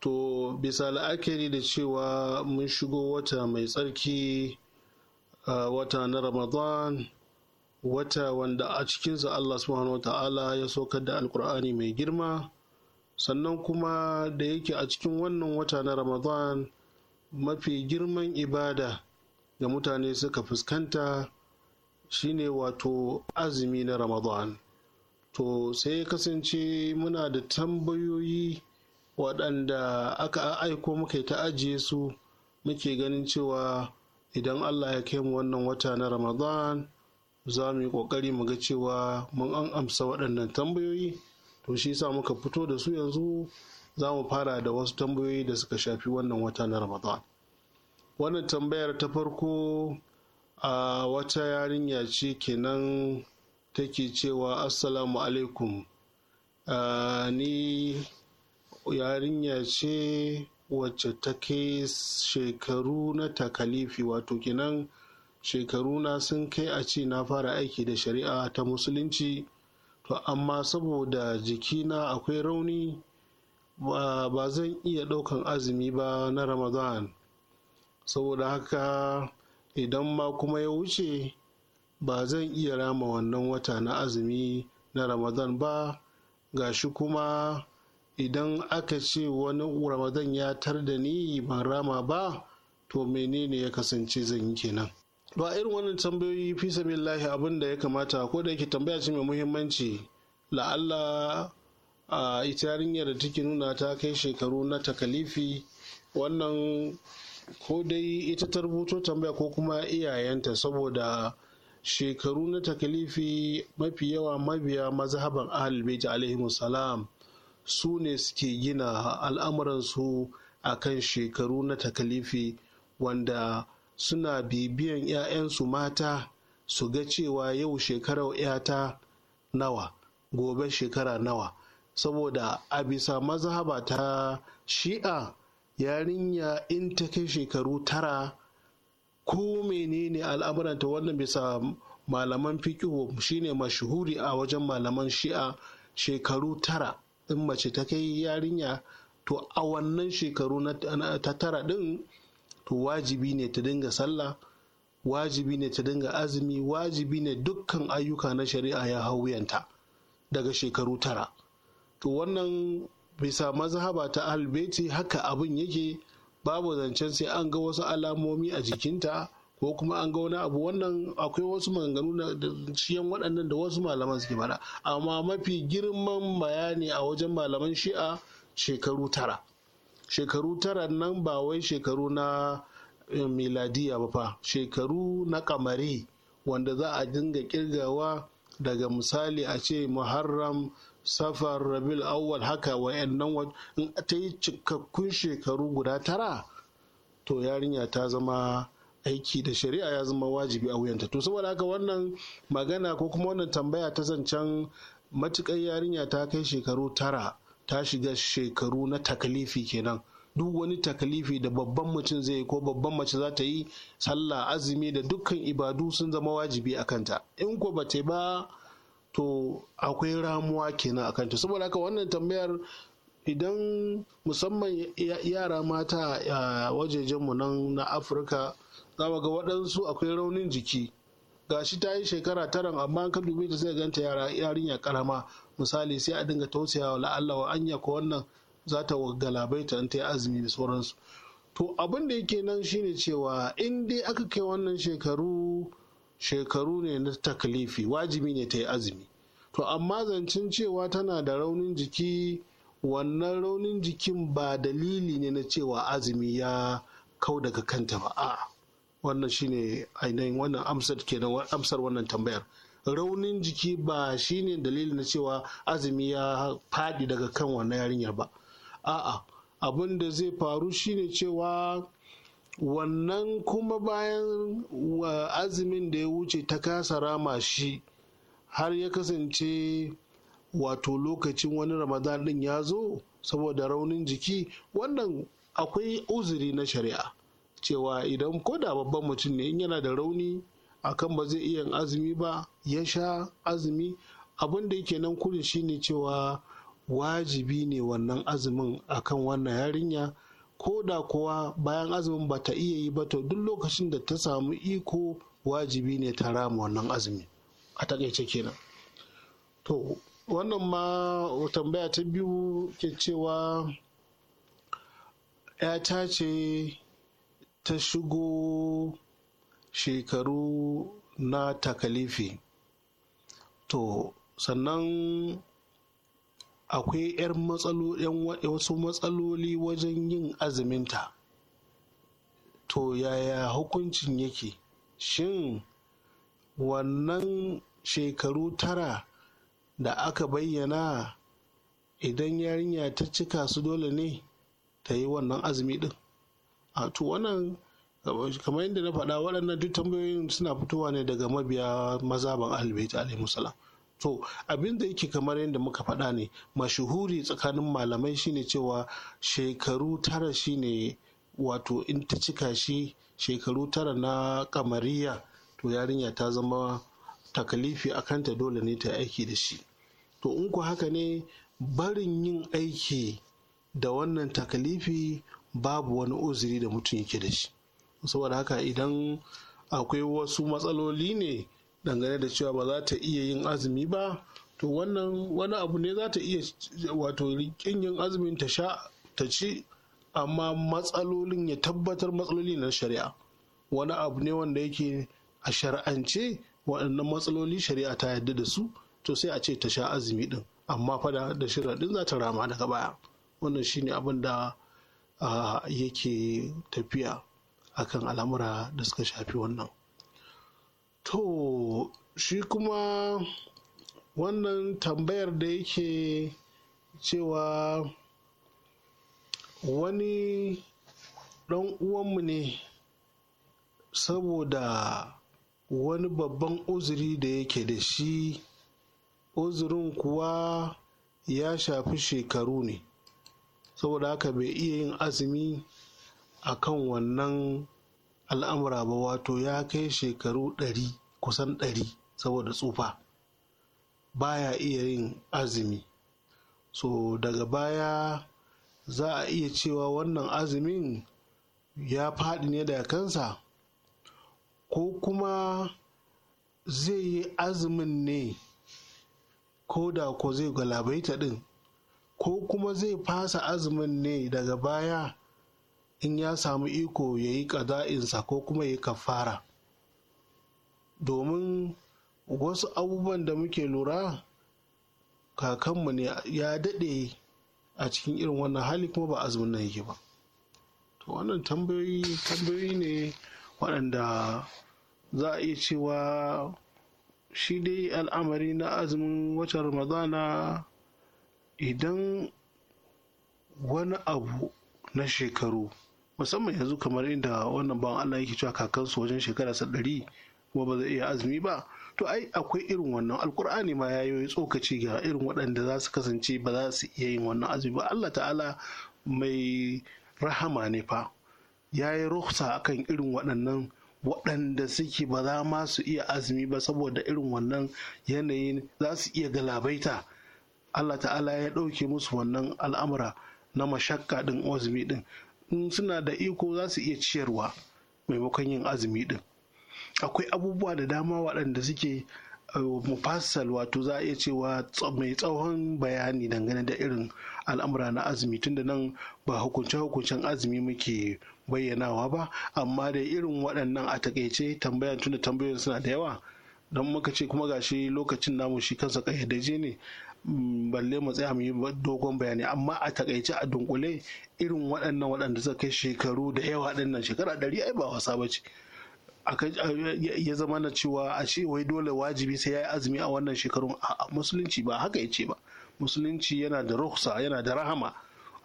To bisa la'akari da cewa mun shigo wata mai tsarki wata na Ramadan wata wanda a cikinsa Allah subhanahu wa ta'ala ya saukar da alkur'ani mai girma sannan kuma da yake a cikin wannan wata na Ramadan mafi girman ibada da mutane suka fuskanta shine wato azumi na Ramadan. to sai kasance muna da tambayoyi waɗanda aka aiko muka ta ajiye su muke ganin cewa idan allah ya kai mu wannan wata na ramadan za mu yi ƙoƙari mu ga cewa mun an amsa waɗannan tambayoyi to shi sa muka fito da su yanzu za mu fara da wasu tambayoyi da suka shafi wannan wata na ramadan wannan tambayar ta farko a wata yarinya ce kenan take cewa assalamu alaikum ni yarinya ce wacce ta kai shekaru na takalifi wato kenan shekaru na sun kai a ce na fara aiki da shari'a ta musulunci to amma saboda jikina akwai rauni ba zan iya ɗaukan azumi ba na ramadan saboda haka idan ma kuma ya wuce ba zan iya rama wannan wata na azumi na ramadan ba ga shi kuma idan aka ce wani ramadan ya tar da ni ban rama ba to menene ya kasance zan yi kenan ba irin wannan tambayoyi fi sabilillahi abin da ya kamata ko da yake tambaya ce mai muhimmanci la'alla a ita yarinyar da take nuna ta kai shekaru na takalifi wannan ko dai ita ta rubuto tambaya ko kuma iyayenta saboda shekaru na takalifi mafi yawa mabiya mazhaban ahalbeji alaihi salam su ne suke gina al'amuransu a kan shekaru na takalifi wanda suna bibiyan 'ya'yansu mata su ga cewa yau shekarar 'yata nawa gobe shekara nawa saboda a bisa mazhaba ta shi'a yarinya in ta kai shekaru tara ko menene al'amuranta wannan bisa malaman fikihu shine mashuhuri a wajen malaman shi'a shekaru tara in mace ta kai yarinya to a wannan shekaru ta tara din to wajibi ne ta dinga sallah wajibi ne ta dinga azumi wajibi ne dukkan ayyuka na shari'a ya hauyanta daga shekaru tara to wannan bisa mazhaba ta albeti haka abin yake babu zancen sai an ga wasu alamomi a jikinta ko kuma an ga wani abu wannan akwai wasu maganganu da ciyan waɗannan da wasu malaman suke faɗa. amma mafi girman bayani a wajen malaman shi'a shekaru tara shekaru tara nan ba wai shekaru na eh, miladiya ba fa shekaru na kamari wanda za a dinga kirgawa daga misali a ce muharram safar rabil awwal haka wa'annan in ta yi cikakkun shekaru guda tara to yarinya ta zama aiki da shari'a ya zama wajibi a wuyanta to saboda haka wannan magana ko kuma wannan tambaya ta zancen matukar yarinya ta kai shekaru tara ta shiga shekaru na takalifi kenan duk wani takalifi da babban mutum zai yi ko babban mace za ta yi sallah azumi da dukkan ibadu sun zama wajibi a kanta in ko ba ta ba to akwai ramuwa kenan a kanta saboda haka wannan tambayar idan musamman yara mata a wajejenmu nan na afirka za ga waɗansu akwai raunin jiki gashi ta yi shekara taron, amma ka dubi ta sai ganta yara yarinya karama misali sai a dinga tausayawa la'alla wa anya ko wannan za ta galabai in ta yi azumi da sauransu to abin da yake nan shine cewa in dai aka kai wannan shekaru shekaru ne na takalifi wajibi ne ta yi azumi to amma zancen cewa tana da raunin jiki wannan raunin jikin ba dalili ne na cewa azumi ya kau daga kanta ba a'a wannan shine ainihin wannan amsar kenan amsar wannan tambayar raunin jiki ba shine dalili na cewa azumi ya faɗi daga kan wannan yarinyar ba a'a abin da zai faru shine cewa wannan kuma bayan azumin da ya wuce ta kasa rama shi har ya kasance wato lokacin wani ramadan din ya zo saboda raunin jiki wannan akwai uzuri na shari'a cewa idan ko da babban mutum ne in yana da rauni akan ba zai iya azumi ba ya sha azumi abin da yake nan kurin shine cewa wajibi ne wannan azumin akan wannan yarinya ko da kuwa bayan azumin ba ta iya yi ba to duk lokacin da ta samu iko wajibi ne ta rama wannan azumi a takaice kenan to wannan ma tambaya ta biyu ke cewa ‘yata ce ta shigo shekaru na takalifi to sannan akwai 'yan wasu matsaloli wajen yin azuminta to yaya hukuncin yake shin wannan shekaru tara da aka bayyana idan yarinya ta cika su dole ne ta yi wannan azumi din a to wannan kamar yadda na faɗa waɗannan duk tambayoyin suna fitowa ne daga mabiya mazaban ahalbaita alaihi salam to abin da yake kamar yadda muka faɗa ne mashuhuri tsakanin malamai shine cewa shekaru tara shine wato in ta cika shi shekaru tara na kamariya to yarinya ta zama takalifi a kanta dole ne ta aiki da shi to in ku haka ne barin yin aiki da wannan takalifi babu wani uzuri da mutum yake da shi saboda haka idan akwai wasu matsaloli ne dangane da cewa ba za ta iya yin azumi ba to wannan wani abu ne za ta iya wato rikin yin azumin ta sha ta ci amma matsalolin ya tabbatar matsaloli na shari'a wani abu ne wanda yake a shari'ance waɗannan matsaloli shari'a ta yadda da su to sai a ce ta sha azumi din amma fada da din za ta rama daga baya wannan shine abin da ah, yake tafiya akan al'amura da suka shafi wannan to shi kuma wannan tambayar da yake cewa wani ɗan uwanmu ne saboda wani babban uzuri da yake da shi uzurin kuwa ya shafi shekaru ne saboda haka bai iya yin azumi a kan wannan al'amura ba wato ya kai shekaru ɗari kusan ɗari saboda tsufa baya iya yin azumi so daga baya za a iya cewa wannan azumin ya faɗi ne da kansa ko kuma zai yi azumin ne ko da ko zai galabaita ɗin ko kuma zai fasa azumin ne daga baya in ya samu iko ya yi ƙada'insa ko kuma ya yi kafara domin wasu abubuwan da muke lura kakanmu ne ya daɗe a cikin irin wannan hali kuma ba azumin nan yake ba to wannan tambayoyi tambayoyi ne waɗanda za a iya cewa shi dai al'amari na azumin watan ramadana idan wani abu na shekaru musamman yanzu kamar inda wannan bawan Allah yake cewa kakansu wajen shekara sa ɗari kuma ba zai iya azumi ba to ai akwai irin wannan alkur'ani ma ya yi tsokaci ga irin waɗanda za su kasance ba za su iya yin wannan azumi ba Allah ta'ala mai rahama ne fa ya yi ruhsa akan irin waɗannan waɗanda suke ba za ma su iya azumi ba saboda irin wannan yanayin za su iya galabaita Allah ta'ala ya ɗauke musu wannan al'amura na mashakka ɗin azumi ɗin in suna da iko za su iya ciyarwa maimakon yin azumi din akwai abubuwa da dama waɗanda suke uh, mufassal wato za a iya cewa mai tsawon bayani dangane da irin al'amura na azumi tunda nan ba hukunce-hukuncen azumi muke bayyanawa ba amma da irin waɗannan a takaice tambayan tunda tambayoyin suna da yawa don muka ce kuma gashi lokacin namu shi kansa kayyadaje ne mm, balle mu tsaya mu yi dogon bayani amma a takaice a dunkule irin waɗannan waɗanda suka kai shekaru da yawa nan shekara ɗari ai ba wasa ba ce ya zama na cewa a ce wai dole wajibi sai ya yi azumi a wannan shekarun a musulunci ba haka ya ce ba musulunci yana da ruhsa yana da rahama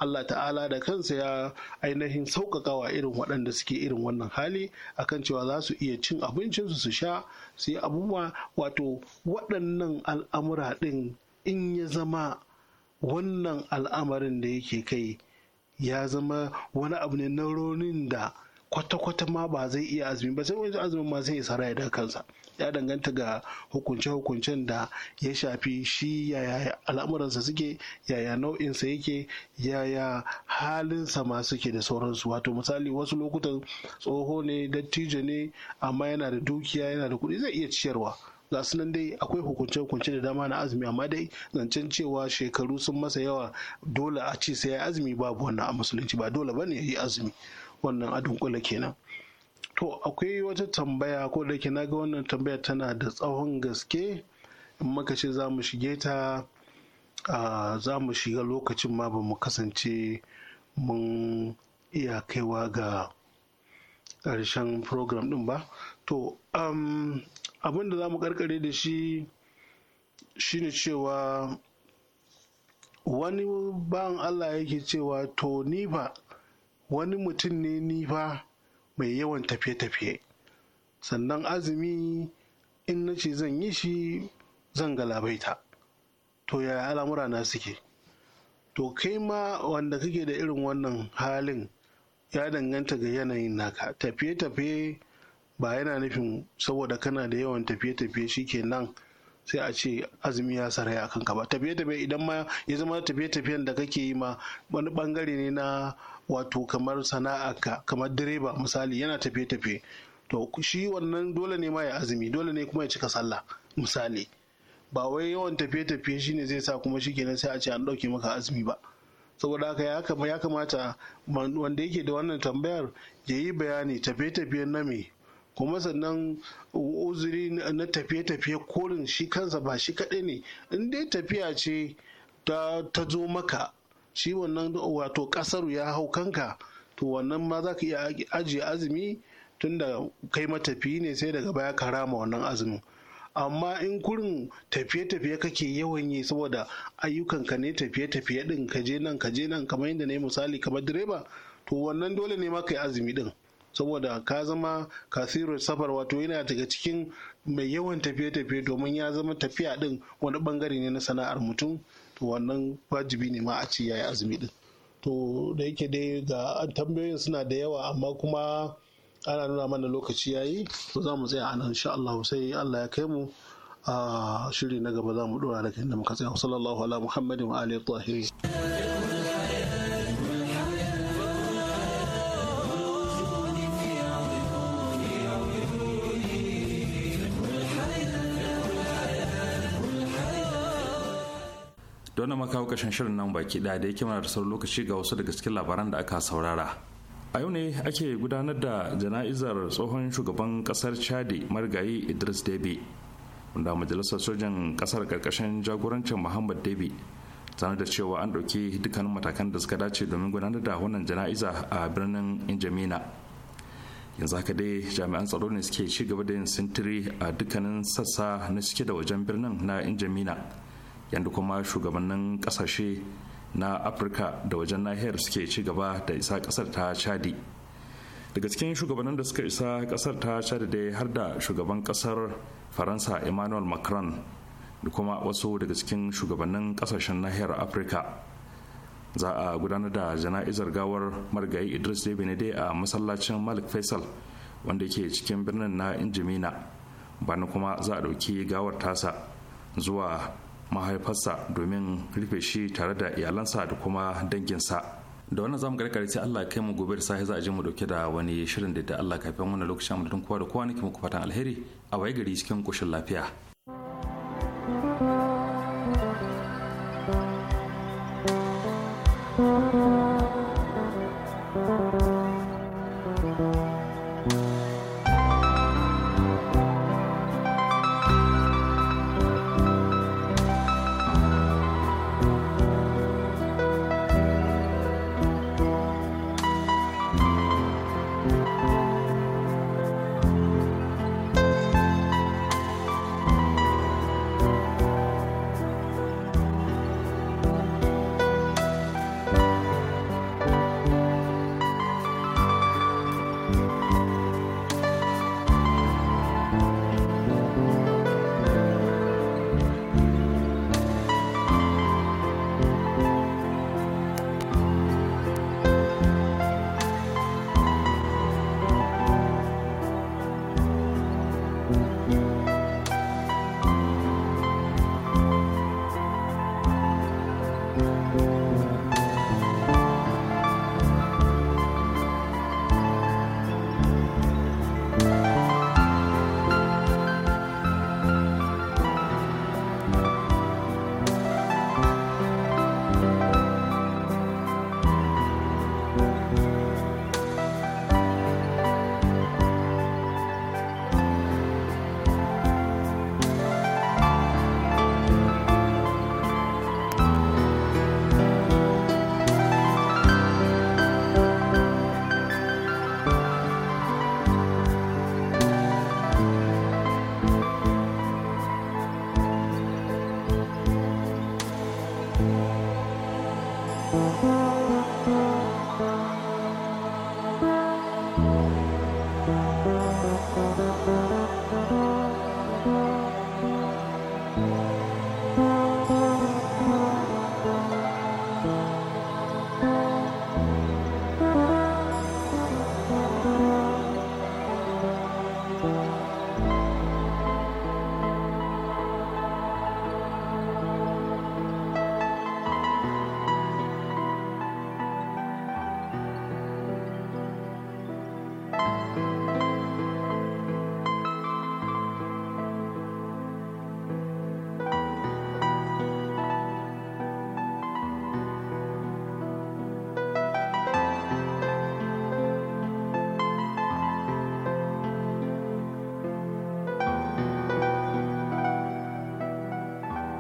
Allah ta'ala da kansa ya ainihin sauƙaƙawa irin waɗanda suke irin wannan hali akan cewa za su iya cin abincinsu su sha su yi abubuwa wato waɗannan al'amura ɗin in ya zama wannan al'amarin da yake kai ya zama wani abu ne na ronin da kwata-kwata ma ba zai iya azumi ba sai wani azumin ma zai sarai da kansa ya danganta ga hukunce-hukuncen da ya shafi shi yaya al'amuransa suke yaya nau'insa yake yaya halinsa ma suke da sauransu wato misali wasu lokutan tsoho ne dattijo ne amma yana da dukiya yana da kuɗi zai iya ciyarwa ga nan dai akwai hukunce-hukunce da dama na azumi amma dai zancen cewa shekaru sun masa yawa dole a ce sai ya azumi babu wannan a musulunci ba dole ba ne ya yi azumi wannan a dunkula kenan to akwai wata tambaya ko da ke na ga wannan tambaya tana da tsawon gaske in muka ce za mu shige ta za mu shiga lokacin ma ba mu kasance mun iya kaiwa ga ƙarshen program ɗin ba to abin da za mu ƙarƙare da shi shine cewa wani ban allah yake cewa to ni ba wani mutum ne ni ba mai yawan tafiye-tafiye sannan azumi in na ce zan yi shi zan galabaita to yaya al'amura na suke to kai ma wanda kake da irin wannan halin ya danganta ga yanayin naka tafiye-tafiye ba yana nufin saboda kana da yawan tafiye-tafiye shi nan sai a ce azumi ya saraya a kanka ba tafiye tafiye idan ma ya zama tafiye tafiyen da kake yi ma wani bangare ne na wato kamar sana'a kamar direba misali yana tafiye tafiye to shi wannan dole ne ma ya azumi dole ne kuma ya cika sallah misali ba wai yawan tafiye tafiye ne zai sa kuma shi kenan sai a ce an dauke maka azumi ba saboda haka ya kamata wanda yake da wannan tambayar ya yi bayani tafiye tafiyen na me kuma sannan uzuri na tafiye-tafiye korin shi kansa ba shi kaɗai ne in dai tafiya ce ta zo maka shi wannan wato ƙasar ya hau kanka to wannan ma za ka iya ajiye azumi tunda kai matafi ne sai daga baya ka rama wannan azumin amma in kurin tafiye-tafiye kake yawan yi saboda ayyukanka ne tafiye-tafiye din ka je nan ka je nan kamar yadda na yi misali kamar direba to wannan dole ne ma ka yi azumi din saboda ka zama kasiru safar wato yana daga cikin mai yawan tafiye-tafiye domin ya zama tafiya din wani bangare ne na sana'ar mutum to wannan wajibi ne ma a ce yi azumi din to da yake dai ga tambayoyin suna da yawa amma kuma ana nuna mana lokaci ya yi, to za mu tsaya anan insha Allah sai Allah ya kai mu a shiri na gaba za mu dora daga inda muka tsaya sallallahu sallam muhammadin wa alihi tahirin don na makawo kashin shirin nan baki daya da yake mana da sauran lokaci ga wasu daga cikin labaran da aka saurara a yau ne ake gudanar da jana'izar tsohon shugaban kasar chadi marigayi idris debi wanda majalisar sojan kasar karkashin jagorancin muhammad debi sanar da cewa an ɗauki dukkanin matakan da suka dace domin gudanar da wannan jana'iza a birnin injamina yanzu haka dai jami'an tsaro ne suke ci gaba da yin sintiri a dukkanin sassa na cike da wajen birnin na injamina yadda kuma shugabannin kasashe na afirka da wajen nahiyar suke ci gaba da isa kasar ta chadi daga cikin shugabannin da suka isa kasar ta chadi dai har da shugaban kasar faransa emmanuel macron da kuma wasu daga cikin shugabannin kasashen nahiyar afirka za a gudanar da jana'izar gawar marigayi idris dai a masallacin malik faisal wanda ke cikin birnin na injimina bana kuma za a ɗauki gawar tasa zuwa mahaifarsa domin rufe shi tare da iyalansa da kuma danginsa da wannan zamu karkare sai Allah kai mu gobe da safe za a je mu dauke da wani shirin da Allah kafin wannan lokacin mu da kowa da kowa nake muku fatan alheri a waye gari cikin koshin lafiya